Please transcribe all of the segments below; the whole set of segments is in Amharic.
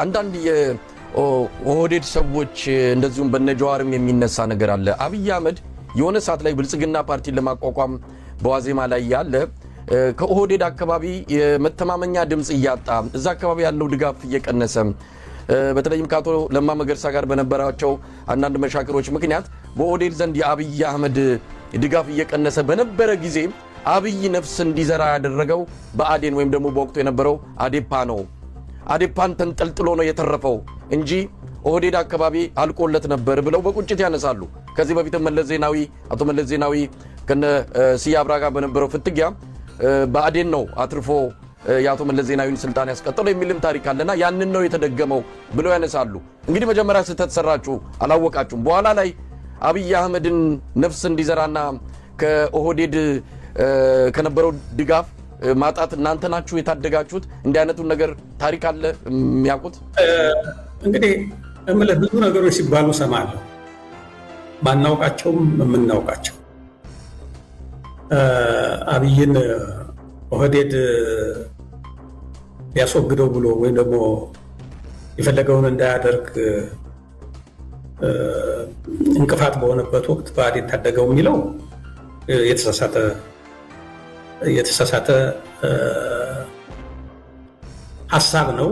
አንዳንድ የኦህዴድ ሰዎች እንደዚሁም በነ የሚነሳ ነገር አለ። አብይ አህመድ የሆነ ሰዓት ላይ ብልጽግና ፓርቲን ለማቋቋም በዋዜማ ላይ ያለ ከኦህዴድ አካባቢ የመተማመኛ ድምፅ እያጣ እዛ አካባቢ ያለው ድጋፍ እየቀነሰ በተለይም ከአቶ ለማ መገርሳ ጋር በነበራቸው አንዳንድ መሻከሮች ምክንያት በኦህዴድ ዘንድ የአብይ አህመድ ድጋፍ እየቀነሰ በነበረ ጊዜ አብይ ነፍስ እንዲዘራ ያደረገው በአዴን ወይም ደግሞ በወቅቱ የነበረው አዴፓ ነው። አዴፓን ተንጠልጥሎ ነው የተረፈው እንጂ ኦህዴድ አካባቢ አልቆለት ነበር ብለው በቁጭት ያነሳሉ። ከዚህ በፊት መለስ ዜናዊ አቶ መለስ ዜናዊ ከነ ስዬ አብርሃ ጋር በነበረው ፍትጊያ በአዴን ነው አትርፎ የአቶ መለስ ዜናዊን ስልጣን ያስቀጠለው የሚልም ታሪክ አለና ያንን ነው የተደገመው ብለው ያነሳሉ። እንግዲህ መጀመሪያ ስህተት ሰራችሁ፣ አላወቃችሁም። በኋላ ላይ አብይ አህመድን ነፍስ እንዲዘራና ከኦህዴድ ከነበረው ድጋፍ ማጣት እናንተ ናችሁ የታደጋችሁት? እንዲህ አይነቱን ነገር ታሪክ አለ የሚያውቁት? እንግዲህ እምልህ ብዙ ነገሮች ሲባሉ እሰማለሁ። ማናውቃቸውም የምናውቃቸው አብይን ኦህዴድ ሊያስወግደው ብሎ ወይም ደግሞ የፈለገውን እንዳያደርግ እንቅፋት በሆነበት ወቅት ብአዴን ታደገው የሚለው የተሳሳተ የተሳሳተ ሀሳብ ነው።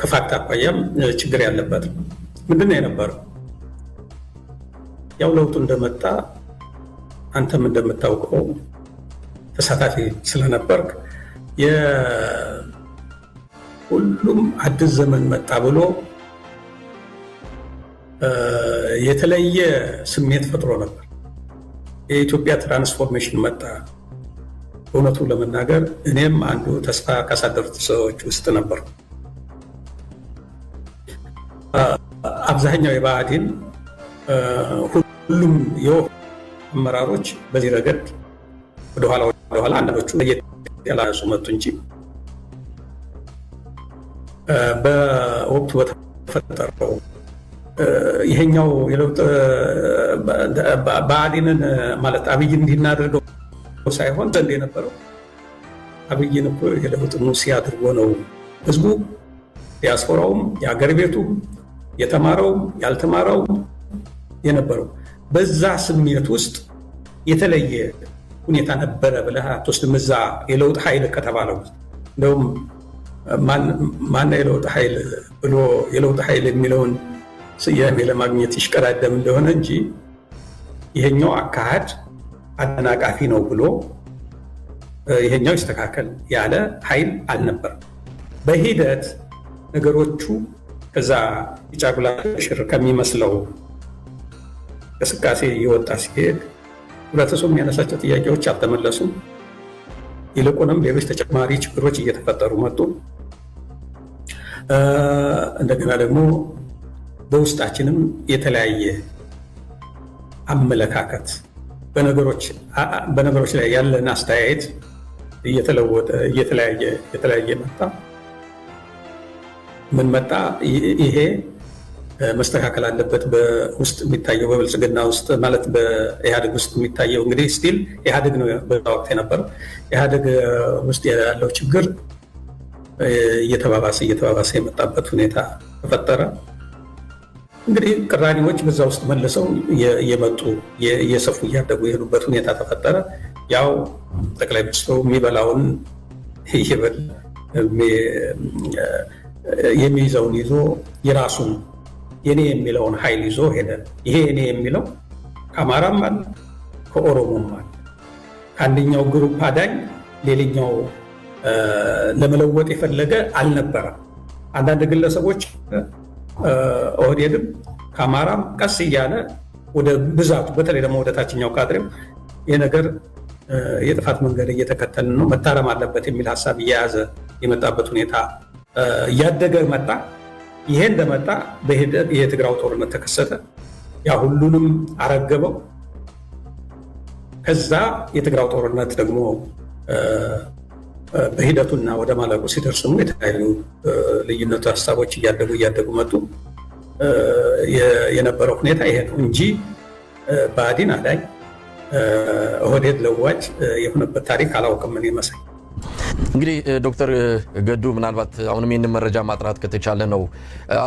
ከፋክት አኳያም ችግር ያለበት ነው። ምንድን ነው የነበረው? ያው ለውጡ እንደመጣ አንተም እንደምታውቀው ተሳታፊ ስለነበርክ ሁሉም አዲስ ዘመን መጣ ብሎ የተለየ ስሜት ፈጥሮ ነበር። የኢትዮጵያ ትራንስፎርሜሽን መጣ እውነቱን ለመናገር እኔም አንዱ ተስፋ ካሳደሩት ሰዎች ውስጥ ነበር አብዛኛው የባህዲን ሁሉም የወ አመራሮች በዚህ ረገድ ወደኋላ ወደኋላ አንዳንዶቹ የላሱ መጡ እንጂ በወቅቱ በተፈጠረው ይሄኛው የለውጥ ማለት አብይ እንዲናደርገው ሳይሆን ዘንድ የነበረው አብይን እኮ የለውጥ ሙሴ አድርጎ ነው ህዝቡ ዲያስፖራውም የአገር ቤቱም የተማረውም ያልተማረውም የነበረው በዛ ስሜት ውስጥ የተለየ ሁኔታ ነበረ ብለህ አትወስድም። እዛ የለውጥ ኃይል ከተባለው እንደውም ማነ የለውጥ ኃይል ብሎ የለውጥ ኃይል የሚለውን ስያሜ ለማግኘት ይሽቀዳደም እንደሆነ እንጂ ይሄኛው አካሄድ አደናቃፊ ነው ብሎ ይሄኛው ይስተካከል ያለ ኃይል አልነበርም። በሂደት ነገሮቹ ከዛ የጫጉላ ሽር ከሚመስለው እንቅስቃሴ እየወጣ ሲሄድ ህብረተሰቡ የሚያነሳቸው ጥያቄዎች አልተመለሱም። ይልቁንም ሌሎች ተጨማሪ ችግሮች እየተፈጠሩ መጡ። እንደገና ደግሞ በውስጣችንም የተለያየ አመለካከት በነገሮች ላይ ያለን አስተያየት እየተለወጠ እየተለያየ እየተለያየ መጣ። ምን መጣ? ይሄ መስተካከል አለበት። በውስጥ የሚታየው በብልጽግና ውስጥ ማለት በኢህአዴግ ውስጥ የሚታየው እንግዲህ ስቲል ኢህአዴግ ነው በዛ ወቅት የነበረው። ኢህአዴግ ውስጥ ያለው ችግር እየተባባሰ እየተባባሰ የመጣበት ሁኔታ ተፈጠረ። እንግዲህ ቅራኔዎች በዛ ውስጥ መልሰው የመጡ የሰፉ እያደጉ የሄዱበት ሁኔታ ተፈጠረ። ያው ጠቅላይ ሚኒስትሩ የሚበላውን የሚይዘውን ይዞ የራሱን የኔ የሚለውን ኃይል ይዞ ሄደ። ይሄ የኔ የሚለው ከአማራም አለ፣ ከኦሮሞም አለ። ከአንደኛው ግሩፕ አዳኝ ሌላኛው ለመለወጥ የፈለገ አልነበረም። አንዳንድ ግለሰቦች ኦህዴድም ከአማራም ቀስ እያለ ወደ ብዛቱ በተለይ ደግሞ ወደ ታችኛው ካድሬም ይህ ነገር የጥፋት መንገድ እየተከተልን ነው፣ መታረም አለበት የሚል ሀሳብ እየያዘ የመጣበት ሁኔታ እያደገ መጣ። ይሄ እንደመጣ በሂደት የትግራው ጦርነት ተከሰተ። ያ ሁሉንም አረገበው። ከዛ የትግራው ጦርነት ደግሞ በሂደቱና ወደ ማለቁ ሲደርስሙ የተለያዩ ልዩነቱ ሀሳቦች እያደጉ እያደጉ መጡ። የነበረው ሁኔታ ይሄ ነው እንጂ ብአዴን አዳኝ፣ ኦህዴድ ለዋጭ የሆነበት ታሪክ አላውቅም እኔ መሰለኝ። እንግዲህ ዶክተር ገዱ ምናልባት አሁንም ይህንን መረጃ ማጥራት ከተቻለ ነው።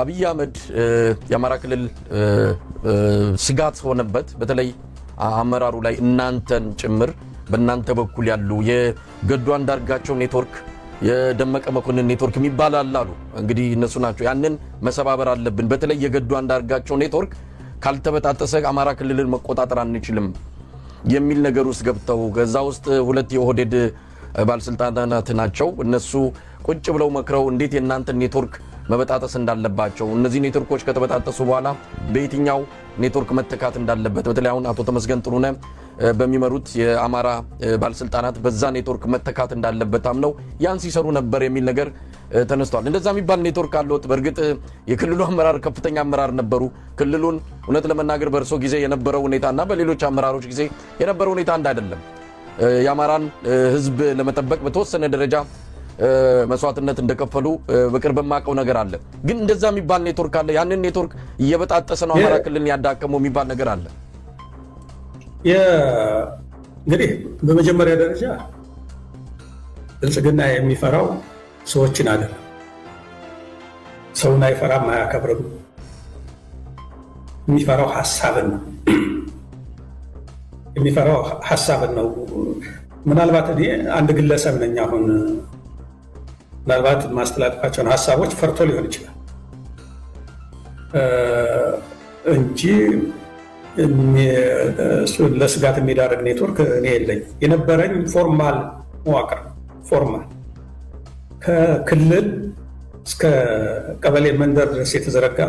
አብይ አህመድ የአማራ ክልል ስጋት ሆነበት፣ በተለይ አመራሩ ላይ እናንተን ጭምር በእናንተ በኩል ያሉ የገዱ አንዳርጋቸው ኔትወርክ የደመቀ መኮንን ኔትወርክ የሚባል አለ አሉ። እንግዲህ እነሱ ናቸው ያንን መሰባበር አለብን። በተለይ የገዱ አንዳርጋቸው ኔትወርክ ካልተበጣጠሰ አማራ ክልልን መቆጣጠር አንችልም የሚል ነገር ውስጥ ገብተው ከዛ ውስጥ ሁለት የኦህዴድ ባለስልጣናት ናቸው። እነሱ ቁጭ ብለው መክረው እንዴት የእናንተን ኔትወርክ መበጣጠስ እንዳለባቸው እነዚህ ኔትወርኮች ከተበጣጠሱ በኋላ በየትኛው ኔትወርክ መተካት እንዳለበት በተለይ አሁን አቶ ተመስገን ጥሩነ በሚመሩት የአማራ ባለስልጣናት በዛ ኔትወርክ መተካት እንዳለበት አምነው ያን ሲሰሩ ነበር የሚል ነገር ተነስቷል። እንደዛ የሚባል ኔትወርክ አለት። በእርግጥ የክልሉ አመራር ከፍተኛ አመራር ነበሩ። ክልሉን እውነት ለመናገር በእርሶ ጊዜ የነበረው ሁኔታና በሌሎች አመራሮች ጊዜ የነበረው ሁኔታ አንድ አይደለም። የአማራን ሕዝብ ለመጠበቅ በተወሰነ ደረጃ መስዋዕትነት እንደከፈሉ በቅርብ የማውቀው ነገር አለ። ግን እንደዛ የሚባል ኔትወርክ አለ። ያንን ኔትወርክ እየበጣጠሰ ነው አማራ ክልልን ያዳከመው የሚባል ነገር አለ። እንግዲህ በመጀመሪያ ደረጃ ብልጽግና የሚፈራው ሰዎችን አይደለም። ሰውን አይፈራም፣ አያከብርም። የሚፈራው ሀሳብን ነው። የሚፈራው ሀሳብን ነው። ምናልባት እኔ አንድ ግለሰብ ነኝ አሁን ምናልባት ማስተላለፋቸውን ሀሳቦች ፈርቶ ሊሆን ይችላል እንጂ ለስጋት የሚዳርግ ኔትወርክ እኔ የለኝ የነበረኝ ፎርማል መዋቅር ፎርማል ከክልል እስከ ቀበሌ መንደር ድረስ የተዘረጋ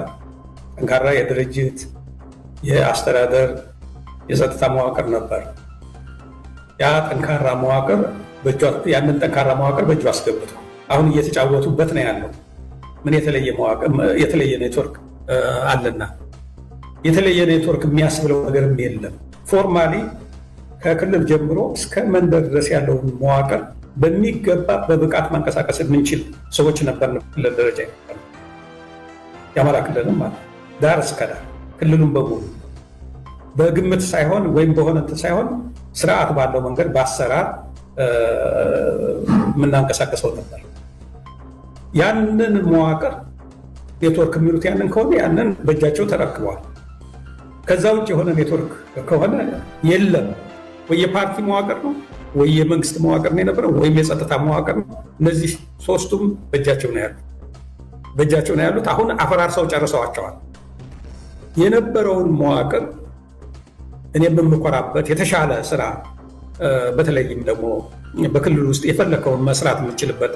ጠንካራ የድርጅት የአስተዳደር የጸጥታ መዋቅር ነበር። ያ ጠንካራ መዋቅር ያንን ጠንካራ መዋቅር በእጁ አስገብቷል። አሁን እየተጫወቱበት ነው ያለው። ምን የተለየ ኔትወርክ አለና የተለየ ኔትወርክ የሚያስብለው ነገርም የለም። ፎርማሊ ከክልል ጀምሮ እስከ መንደር ድረስ ያለውን መዋቅር በሚገባ በብቃት ማንቀሳቀስ የምንችል ሰዎች ነበር። ክልል ደረጃ የአማራ ክልልም ማለት ዳር እስከ ዳር ክልሉን በሙሉ በግምት ሳይሆን ወይም በሆነ ሳይሆን ስርዓት ባለው መንገድ በአሰራር የምናንቀሳቀሰው ነበር። ያንን መዋቅር ኔትወርክ የሚሉት ያንን ከሆነ ያንን በእጃቸው ተረክበዋል። ከዛ ውጭ የሆነ ኔትወርክ ከሆነ የለም። ወይ የፓርቲ መዋቅር ነው ወይ የመንግስት መዋቅር ነው የነበረ ወይም የጸጥታ መዋቅር ነው። እነዚህ ሶስቱም በእጃቸው ነው ያሉት በእጃቸው ነው ያሉት። አሁን አፈራርሰው ጨርሰዋቸዋል። የነበረውን መዋቅር እኔ የምኮራበት የተሻለ ስራ በተለይም ደግሞ በክልል ውስጥ የፈለከውን መስራት የምችልበት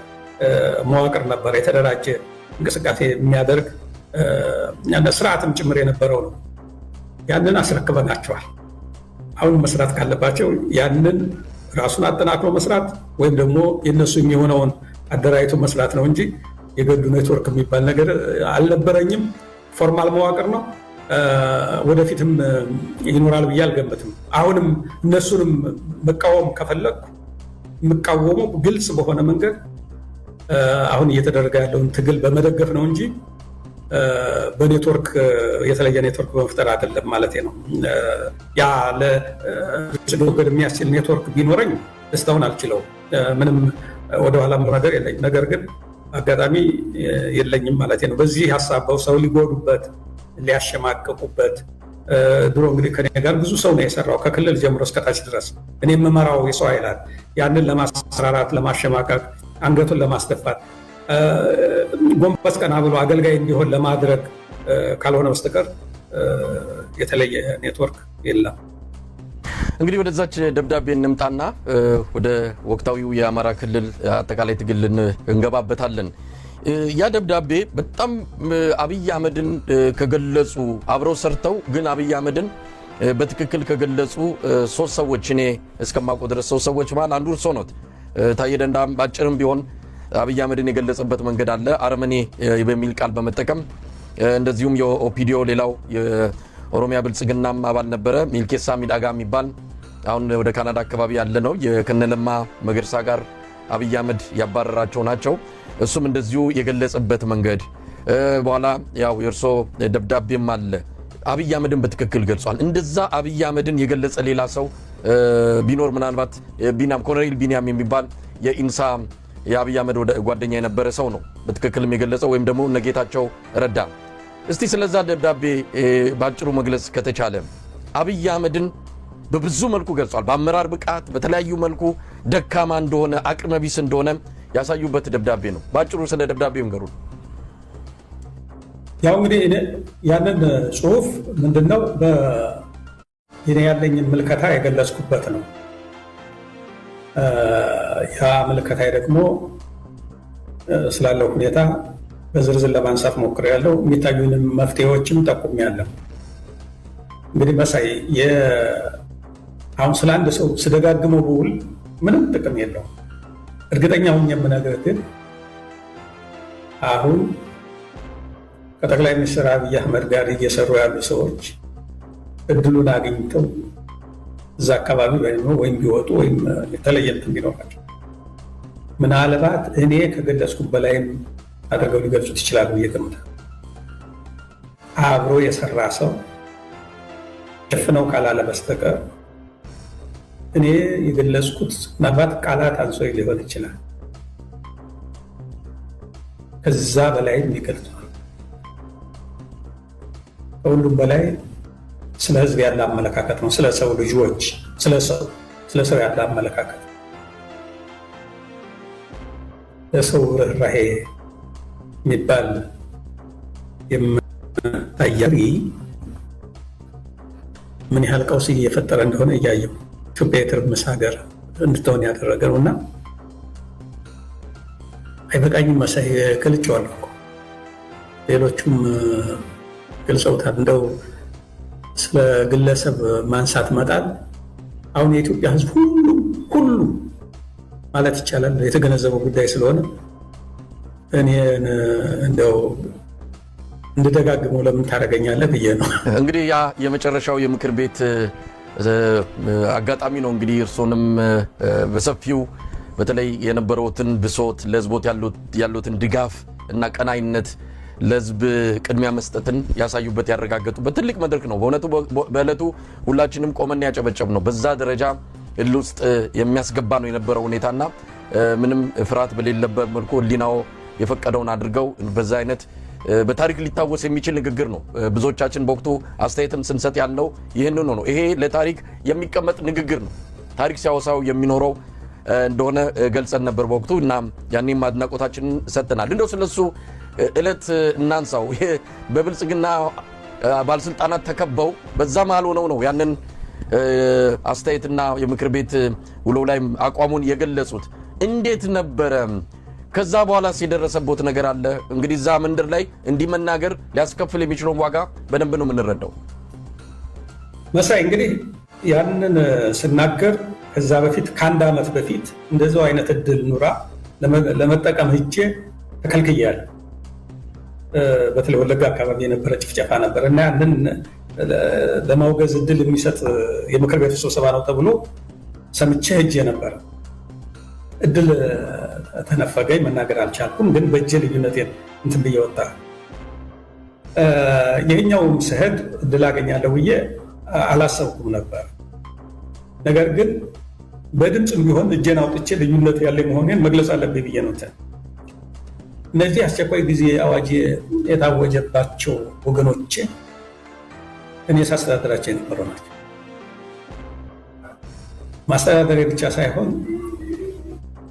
መዋቅር ነበረ። የተደራጀ እንቅስቃሴ የሚያደርግ ስርዓትም ጭምር የነበረው ነው። ያንን አስረክበናቸዋል። አሁን መስራት ካለባቸው ያንን ራሱን አጠናክሮ መስራት ወይም ደግሞ የነሱ የሚሆነውን አደራጅቶ መስራት ነው እንጂ የገዱ ኔትወርክ የሚባል ነገር አልነበረኝም። ፎርማል መዋቅር ነው። ወደፊትም ይኖራል ብዬ አልገምትም። አሁንም እነሱንም መቃወም ከፈለግኩ የምቃወመው ግልጽ በሆነ መንገድ አሁን እየተደረገ ያለውን ትግል በመደገፍ ነው እንጂ በኔትወርክ የተለየ ኔትወርክ በመፍጠር አይደለም ማለት ነው። ያ ለወገድ የሚያስችል ኔትወርክ ቢኖረኝ እስካሁን አልችለው ምንም ወደኋላ መራገር የለኝ። ነገር ግን አጋጣሚ የለኝም ማለት ነው። በዚህ ሀሳበው ሰው ሊጎዱበት ሊያሸማቀቁበት ድሮ እንግዲህ ከኔ ጋር ብዙ ሰው ነው የሰራው ከክልል ጀምሮ እስከታች ድረስ እኔ የምመራው የሰው አይላል ያንን ለማሰራራት ለማሸማቀቅ አንገቱን ለማስደፋት ጎንበስ ቀና ብሎ አገልጋይ እንዲሆን ለማድረግ ካልሆነ በስተቀር የተለየ ኔትወርክ የለም። እንግዲህ ወደዛች ደብዳቤ እንምጣና ወደ ወቅታዊው የአማራ ክልል አጠቃላይ ትግል እንገባበታለን። ያ ደብዳቤ በጣም አብይ አህመድን ከገለጹ አብረው ሰርተው ግን አብይ አህመድን በትክክል ከገለጹ ሶስት ሰዎች እኔ እስከማውቀው ድረስ ሶስት ሰዎች መሃል አንዱ እርሶ ነት። ታዬ ደንዳም ባጭርም ቢሆን አብይ አህመድን የገለጸበት መንገድ አለ። አረመኔ በሚል ቃል በመጠቀም እንደዚሁም የኦፒዲዮ ሌላው የኦሮሚያ ብልጽግናም አባል ነበረ ሚልኬሳ ሚዳጋ የሚባል አሁን ወደ ካናዳ አካባቢ ያለ ነው። ከነለማ መገርሳ ጋር አብይ አህመድ ያባረራቸው ናቸው። እሱም እንደዚሁ የገለጸበት መንገድ በኋላ ያው የእርሶ ደብዳቤም አለ አብይ አህመድን በትክክል ገልጿል። እንደዛ አብይ አህመድን የገለጸ ሌላ ሰው ቢኖር ምናልባት ኮሎኔል ቢንያም የሚባል የኢንሳ የአብይ አህመድ ጓደኛ የነበረ ሰው ነው በትክክልም የገለጸው ወይም ደግሞ እነጌታቸው ረዳ። እስቲ ስለዛ ደብዳቤ በአጭሩ መግለጽ ከተቻለ አብይ አህመድን በብዙ መልኩ ገልጿል። በአመራር ብቃት በተለያዩ መልኩ ደካማ እንደሆነ አቅመቢስ እንደሆነ ያሳዩበት ደብዳቤ ነው። በአጭሩ ስለ ደብዳቤ ንገሩ። ያው እንግዲህ ያንን ጽሁፍ ምንድነው ይህ ያለኝን ምልከታ የገለጽኩበት ነው። ያ ምልከታ ደግሞ ስላለው ሁኔታ በዝርዝር ለማንሳት ያለው የሚታዩንም መፍትሄዎችም ያለው እንግዲህ መሳይ አሁን ስለ አንድ ሰው ስደጋግመው ብውል ምንም ጥቅም የለውም። እርግጠኛ ሁኝ የምነግርህ ግን አሁን ከጠቅላይ ሚኒስትር አብይ አህመድ ጋር እየሰሩ ያሉ ሰዎች እድሉን አግኝተው እዛ አካባቢ ወይም ቢወጡ ወይም የተለየ እንትን ቢኖራቸው ምናልባት እኔ ከገለጽኩት በላይም አድርገው ሊገልጹት ይችላሉ ብዬ አብሮ የሰራ ሰው ሸፍነው ካላለ በስተቀር እኔ የገለጽኩት ምናልባት ቃላት አንሶ ሊሆን ይችላል። ከዛ በላይም ይገልጿል። ከሁሉም በላይ ስለ ህዝብ ያለ አመለካከት ነው። ስለ ሰው ልጆች፣ ስለ ሰው ያለ አመለካከት ለሰው ርኅራሄ የሚባል የምታያሪ ምን ያህል ቀውስ እየፈጠረ እንደሆነ እያየው ኢትዮጵያ የትርምስ ሀገር እንድትሆን ያደረገ ነው እና አይበቃኝም መሳይ ገልጬዋለሁ። ሌሎቹም ገልጸውታል እንደው ስለ ግለሰብ ማንሳት መጣል አሁን የኢትዮጵያ ሕዝብ ሁሉ ሁሉ ማለት ይቻላል የተገነዘበው ጉዳይ ስለሆነ እኔን እንደው እንድደጋግመው ለምን ታደርገኛለህ ብዬ ነው። እንግዲህ ያ የመጨረሻው የምክር ቤት አጋጣሚ ነው። እንግዲህ እርሶንም በሰፊው በተለይ የነበረውትን ብሶት ለህዝቦት ያሉትን ድጋፍ እና ቀናይነት ለህዝብ ቅድሚያ መስጠትን ያሳዩበት ያረጋገጡበት ትልቅ መድረክ ነው። በእውነቱ በእለቱ ሁላችንም ቆመን ያጨበጨብ ነው። በዛ ደረጃ እል ውስጥ የሚያስገባ ነው የነበረው ሁኔታና ምንም ፍርሃት በሌለበት መልኩ ህሊናው የፈቀደውን አድርገው በዛ አይነት በታሪክ ሊታወስ የሚችል ንግግር ነው። ብዙዎቻችን በወቅቱ አስተያየትም ስንሰጥ ያለው ይህን ነው። ይሄ ለታሪክ የሚቀመጥ ንግግር ነው። ታሪክ ሲያወሳው የሚኖረው እንደሆነ ገልጸን ነበር በወቅቱ እና ያኔም አድናቆታችንን ሰጥተናል። እንደው ስለሱ እለት እናንሳው። በብልጽግና ባለስልጣናት ተከበው በዛ መሃል ሆነው ነው ያንን አስተያየትና የምክር ቤት ውሎ ላይ አቋሙን የገለጹት። እንዴት ነበረ? ከዛ በኋላ የደረሰቦት ነገር አለ? እንግዲህ እዛ መንድር ላይ እንዲህ መናገር ሊያስከፍል የሚችለውን ዋጋ በደንብ ነው የምንረዳው። መሳይ እንግዲህ ያንን ስናገር ከዛ በፊት ከአንድ ዓመት በፊት እንደዚው አይነት እድል ኑራ ለመጠቀም ሂጄ ተከልክያለሁ። በተለይ ወለጋ አካባቢ የነበረ ጭፍጨፋ ነበር እና ያንን ለማውገዝ እድል የሚሰጥ የምክር ቤቱ ስብሰባ ነው ተብሎ ሰምቼ ሄጄ ነበር እድል ተነፈገኝ፣ መናገር አልቻልኩም። ግን በእጄ ልዩነቴን እንትን ብዬ ወጣ። ይህኛውም ስሄድ እድል አገኛለሁ ብዬ አላሰብኩም ነበር። ነገር ግን በድምፅም ቢሆን እጄን አውጥቼ ልዩነት ያለ መሆኔን መግለጽ አለብኝ ብዬ ነው እነዚህ አስቸኳይ ጊዜ አዋጅ የታወጀባቸው ወገኖች እኔ ሳስተዳደራቸው የነበሩ ናቸው። ማስተዳደር ብቻ ሳይሆን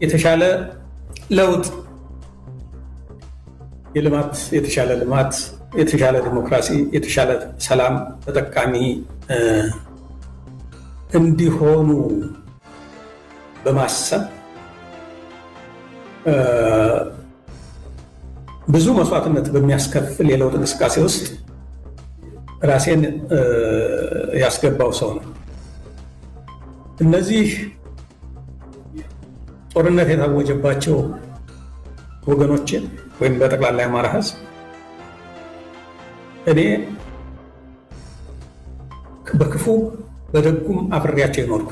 የተሻለ ለውጥ የልማት የተሻለ ልማት፣ የተሻለ ዲሞክራሲ፣ የተሻለ ሰላም ተጠቃሚ እንዲሆኑ በማሰብ ብዙ መስዋዕትነት በሚያስከፍል የለውጥ እንቅስቃሴ ውስጥ ራሴን ያስገባው ሰው ነው። እነዚህ ጦርነት የታወጀባቸው ወገኖችን ወይም በጠቅላላ የአማራ ሕዝብ እኔ በክፉ በደጉም አፍሪያቸው የኖርኩ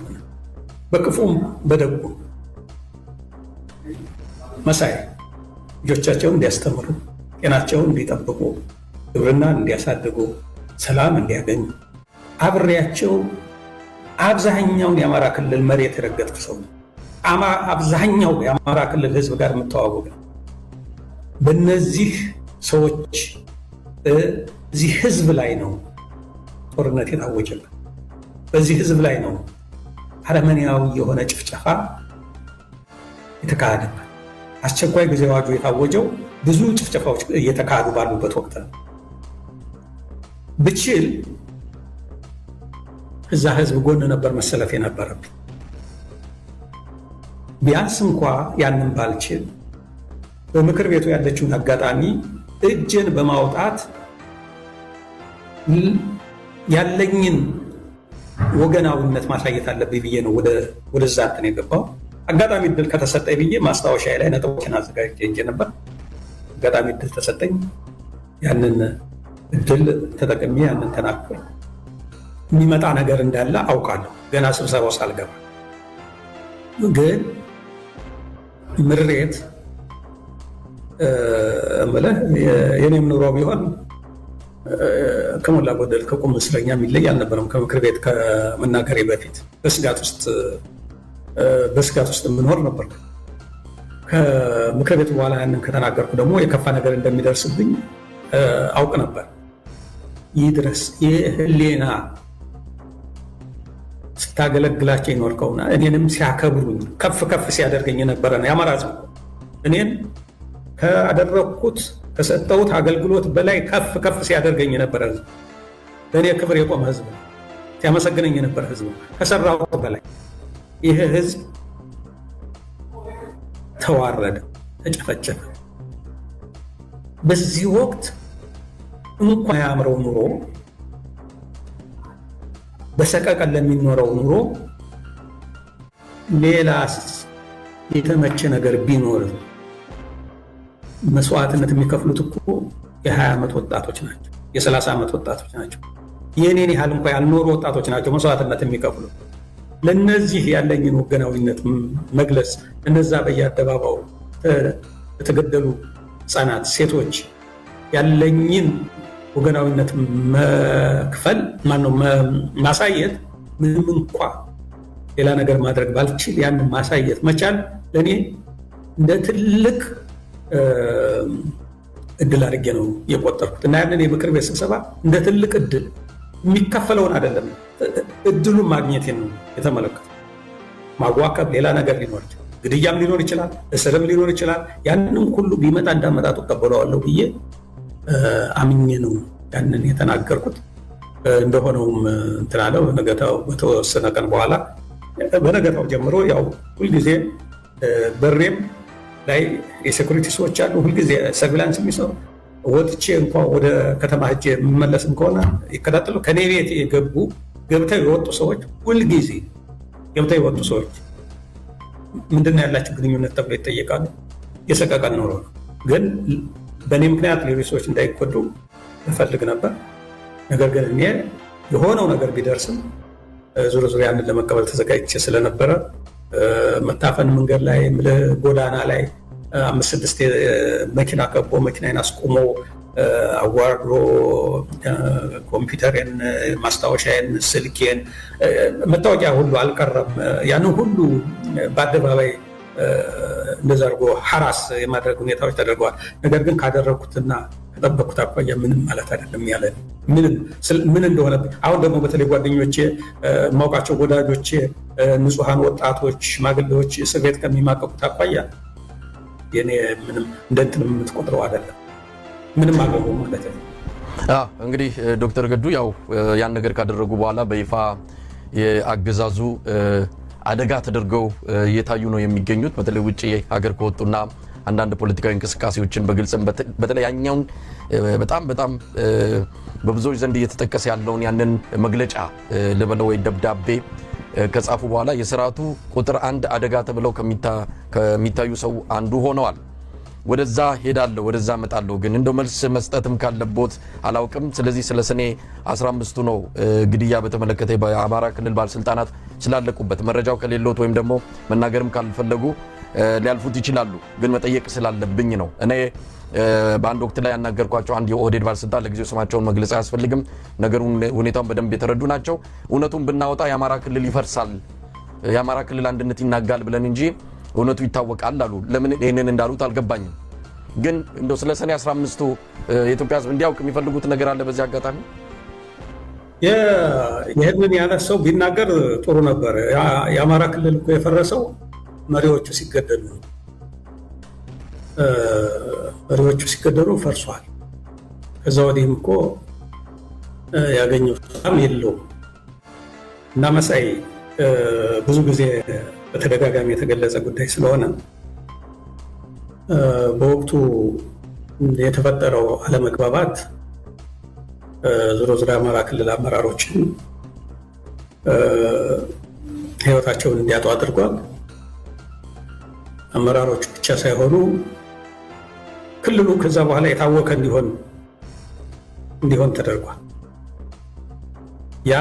በክፉም በደጉም መሳይ ልጆቻቸውን እንዲያስተምሩ፣ ጤናቸውን እንዲጠብቁ፣ ግብርና እንዲያሳድጉ፣ ሰላም እንዲያገኙ አብሬያቸው አብዛኛውን የአማራ ክልል መሬት የረገጥኩ ሰው አብዛኛው የአማራ ክልል ህዝብ ጋር የምተዋወቅ ነው። በነዚህ ሰዎች እዚህ ህዝብ ላይ ነው ጦርነት የታወጀበት። በዚህ ህዝብ ላይ ነው አረመኔያዊ የሆነ ጭፍጨፋ የተካሄደበት። አስቸኳይ ጊዜ አዋጁ የታወጀው ብዙ ጭፍጨፋዎች እየተካሄዱ ባሉበት ወቅት ነው። ብችል እዛ ህዝብ ጎን ነበር መሰለፍ የነበረብኝ። ቢያንስ እንኳ ያንን ባልችል በምክር ቤቱ ያለችውን አጋጣሚ እጅን በማውጣት ያለኝን ወገናዊነት ማሳየት አለብኝ ብዬ ነው ወደዛ እንትን የገባው። አጋጣሚ እድል ከተሰጠኝ ብዬ ማስታወሻ ላይ ነጥቦችን አዘጋጅ ነበር። አጋጣሚ እድል ተሰጠኝ። ያንን እድል ተጠቅሜ ያንን ተናገር። የሚመጣ ነገር እንዳለ አውቃለሁ። ገና ስብሰባው ሳልገባ ግን ምሬት እምልህ የኔም ኑሮ ቢሆን ከሞላ ጎደል ከቁም እስረኛ የሚለይ አልነበረም። ከምክር ቤት ከመናገሬ በፊት በስጋት ውስጥ በስጋት ውስጥ የምኖር ነበር። ከምክር ቤቱ በኋላ ያንን ከተናገርኩ ደግሞ የከፋ ነገር እንደሚደርስብኝ አውቅ ነበር። ይህ ድረስ የህሌና ህሌና ስታገለግላቸው ይኖርከውና እኔንም ሲያከብሩኝ ከፍ ከፍ ሲያደርገኝ የነበረ ነው። የአማራ ሕዝብ እኔን ካደረግኩት ከሰጠሁት አገልግሎት በላይ ከፍ ከፍ ሲያደርገኝ የነበረ ህዝብ፣ በእኔ ክብር የቆመ ህዝብ፣ ሲያመሰግነኝ የነበረ ህዝብ ከሰራሁት በላይ ይህ ህዝብ ተዋረደ፣ ተጨፈጨፈ። በዚህ ወቅት እንኳ ያምረው ኑሮ በሰቀቀን ለሚኖረው ኑሮ ሌላስ የተመቸ ነገር ቢኖር መስዋዕትነት የሚከፍሉት እኮ የ20 ዓመት ወጣቶች ናቸው፣ የ30 ዓመት ወጣቶች ናቸው። የእኔን ያህል እንኳ ያልኖሩ ወጣቶች ናቸው መስዋዕትነት የሚከፍሉት። ለነዚህ ያለኝን ወገናዊነት መግለጽ እነዛ በየአደባባዩ የተገደሉ ህፃናት፣ ሴቶች ያለኝን ወገናዊነት መክፈል ማነው ማሳየት ምንም እንኳ ሌላ ነገር ማድረግ ባልችል ያንን ማሳየት መቻል ለእኔ እንደ ትልቅ እድል አድርጌ ነው የቆጠርኩት እና ያንን የምክር ቤት ስብሰባ እንደ ትልቅ እድል የሚከፈለውን አይደለም እድሉን ማግኘት ነው የተመለከቱ። ማዋከብ ሌላ ነገር ሊኖር ይችላል፣ ግድያም ሊኖር ይችላል፣ እስርም ሊኖር ይችላል። ያንንም ሁሉ ቢመጣ እንዳመጣጡ ቀበለዋለሁ ብዬ አምኜ ነው ያንን የተናገርኩት። እንደሆነውም እንትን አለ። በነገታው በተወሰነ ቀን በኋላ በነገታው ጀምሮ ያው ሁልጊዜ በሬም ላይ የሴኩሪቲ ሰዎች አሉ። ሁልጊዜ ሰርቪላንስ የሚሰሩ ወጥቼ እንኳ ወደ ከተማ ሄጄ የምመለስም ከሆነ ይከታጠሉ። ከኔ ቤት የገቡ ገብተው የወጡ ሰዎች ሁልጊዜ ገብተው የወጡ ሰዎች ምንድን ነው ያላቸው ግንኙነት ተብሎ ይጠየቃሉ። የሰቀቀን ኖሮ ነው። ግን በእኔ ምክንያት ሌሎች ሰዎች እንዳይጎዱ እፈልግ ነበር። ነገር ግን እኔ የሆነው ነገር ቢደርስም ዙር ዙር ያንን ለመቀበል ተዘጋጅቼ ስለነበረ መታፈን መንገድ ላይ ጎዳና ላይ አምስት ስድስት መኪና ከቦ መኪናዬን አስቆሞ አዋርዶ ኮምፒውተርን፣ ማስታወሻዬን፣ ስልኬን፣ መታወቂያ ሁሉ አልቀረም። ያንን ሁሉ በአደባባይ እንደዛ አድርጎ ሀራስ የማድረግ ሁኔታዎች ተደርገዋል። ነገር ግን ካደረግኩትና ከጠበቅኩት አኳያ ምንም ማለት አይደለም ያለ ምን እንደሆነ አሁን ደግሞ በተለይ ጓደኞቼ፣ ማውቃቸው ወዳጆቼ፣ ንጹሐን ወጣቶች፣ ሽማግሌዎች እስር ቤት ከሚማቀቁት አኳያ የኔ ምንም እንደ የምትቆጥረው አይደለም። ምንም አገባው ማለት ነው። እንግዲህ ዶክተር ገዱ ያው ያን ነገር ካደረጉ በኋላ በይፋ የአገዛዙ አደጋ ተደርገው እየታዩ ነው የሚገኙት። በተለይ ውጭ ሀገር ከወጡና አንዳንድ ፖለቲካዊ እንቅስቃሴዎችን በግልጽም በተለይ በጣም በጣም በብዙዎች ዘንድ እየተጠቀሰ ያለውን ያንን መግለጫ ልበለው ወይ ደብዳቤ ከጻፉ በኋላ የስርዓቱ ቁጥር አንድ አደጋ ተብለው ከሚታዩ ሰው አንዱ ሆነዋል። ወደዛ ሄዳለሁ፣ ወደዛ እመጣለሁ። ግን እንደው መልስ መስጠትም ካለቦት አላውቅም። ስለዚህ ስለ ሰኔ 15ቱ ነው ግድያ በተመለከተ በአማራ ክልል ባለስልጣናት ስላለቁበት መረጃው ከሌሎት ወይም ደግሞ መናገርም ካልፈለጉ ሊያልፉት ይችላሉ። ግን መጠየቅ ስላለብኝ ነው እኔ በአንድ ወቅት ላይ ያናገርኳቸው አንድ የኦህዴድ ባለስልጣን ለጊዜው ስማቸውን መግለጽ አያስፈልግም፣ ነገሩን ሁኔታውን በደንብ የተረዱ ናቸው። እውነቱን ብናወጣ የአማራ ክልል ይፈርሳል፣ የአማራ ክልል አንድነት ይናጋል ብለን እንጂ እውነቱ ይታወቃል አሉ። ለምን ይህንን እንዳሉት አልገባኝም። ግን እንደው ስለ ሰኔ 15ቱ የኢትዮጵያ ህዝብ እንዲያውቅ የሚፈልጉት ነገር አለ። በዚህ አጋጣሚ ይህንን ያነሳው ቢናገር ጥሩ ነበር። የአማራ ክልል እኮ የፈረሰው መሪዎቹ ሲገደሉ መሪዎቹ ሲገደሉ ፈርሷል። ከዛ ወዲህም እኮ ያገኘው ሰላም የለውም እና መሳይ ብዙ ጊዜ በተደጋጋሚ የተገለጸ ጉዳይ ስለሆነ በወቅቱ የተፈጠረው አለመግባባት ዞሮ ዞሮ አማራ ክልል አመራሮችን ህይወታቸውን እንዲያጡ አድርጓል። አመራሮች ብቻ ሳይሆኑ ክልሉ ከዛ በኋላ የታወከ እንዲሆን እንዲሆን ተደርጓል። ያ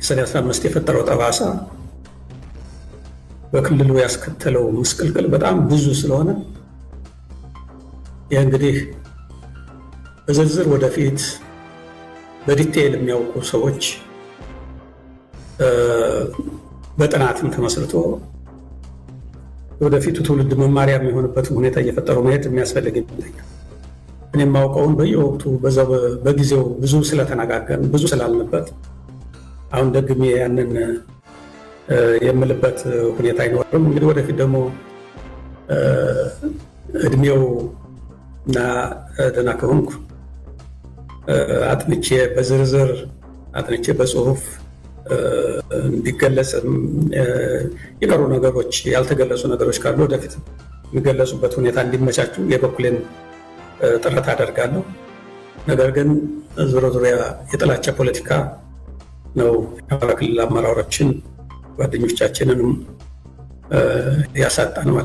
የሰኔ 15 የፈጠረው ጠባሳ በክልሉ ያስከተለው ምስቅልቅል በጣም ብዙ ስለሆነ ይህ እንግዲህ በዝርዝር ወደፊት በዲቴይል የሚያውቁ ሰዎች በጥናትም ተመስርቶ ወደፊቱ ትውልድ መማሪያ የሚሆንበትን ሁኔታ እየፈጠረው መሄድ የሚያስፈልግ ይመስለኛል። እኔ የማውቀውን በየወቅቱ በዛው በጊዜው ብዙ ስለተነጋገርን ብዙ ስላልንበት አሁን ደግሜ ያንን የምልበት ሁኔታ አይኖርም። እንግዲህ ወደፊት ደግሞ እድሜው እና ደህና ከሆንኩ አጥንቼ በዝርዝር አጥንቼ በጽሁፍ እንዲገለጽ የቀሩ ነገሮች ያልተገለጹ ነገሮች ካሉ ወደፊት የሚገለጹበት ሁኔታ እንዲመቻቹ የበኩሌን ጥረት አደርጋለሁ። ነገር ግን ዙሮ ዙሪያ የጥላቻ ፖለቲካ ነው የአማራ ክልል አመራሮችን ጓደኞቻችንንም ያሳጣን ማለት ነው።